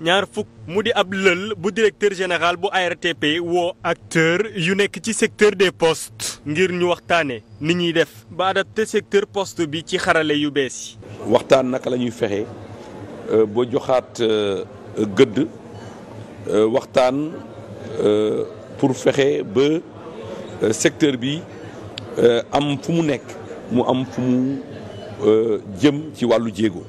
ñaar fukk mu di ab lël bu directeur général bu ARTP woo acteur yu nekk ci secteur des postes ngir ñu waxtaanee ni ñuy def ba adapté secteur poste bi ci xarale yu bees yi. waxtaan naka la ñuy fexe euh, ba joxaat euh, gëdd euh, waxtaan pour fexe ba secteur bi am fu mu nekk mu am fu mu jëm ci wàllu jéego.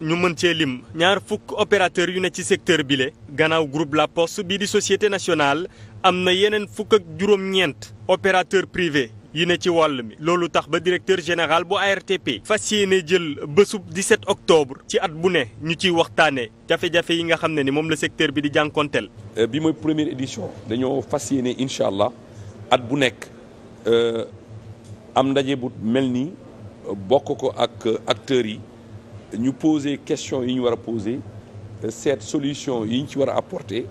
ñu mën cee lim ñaar fukk opérateur yu ne ci secteur bi le gannaaw groupe La Poste bii di société nationale am na yeneen fukk ak juróom-ñeent opérateur privé yi ne ci wàll mi loolu tax ba directeur général bu ARTP fas yéene jël bésub 17 octobre ci at bu ne ñu ciy waxtaane jafe-jafe yi nga xam ne ni moom la secteur bi di jànkonteel euh, bi mooy première édition dañoo fas yéene incha allah at bu nekk euh, am ndaje bu mel ni bokk ko ak acteurs yi ñu poser question yi ñu war a poser euh, seet solution yi ñu ci war a apporter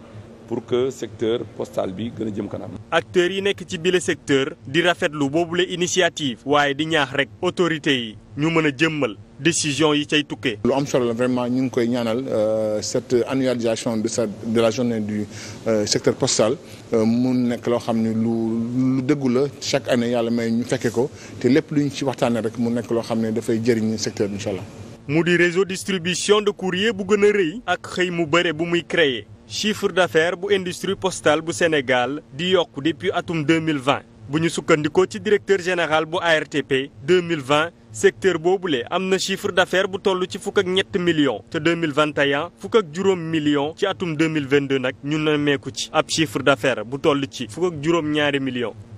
pour que secteur postal bi gën a jëm kanam. acteurs yi nekk ci bile secteur di rafetlu la initiative waaye di ñaax rek autorités yi ñu mën a jëmmal décision yi cay tukkee. lu am solo la vraiment ñu ngi koy ñaanal euh, cette annualisation de sa de la journée du euh, secteur postal mu nekk loo xam ne lu lu la chaque année yàlla may ñu fekke ko te lépp lu ñu ci waxtaanee rek mu nekk loo xam ne dafay jëriñ secteur bi incha mu di réseau distribution de courrier bu gën a rëy ak xëy mu bëre bu muy créer chiffre d'affaires bu industrie postale bu Sénégal di yokk depuis atum 2020 bu ñu sukkandikoo ci directeur général bu ARTP 2020 boobu boobule am na chiffre d'affaires bu toll ci fukk ak ñett million te 2021 fukk ak juróom millions ci atum 2022 nag ñu nemmeeku ci ab chiffre d'affaires bu toll ci fukk ak juróom ñaari millions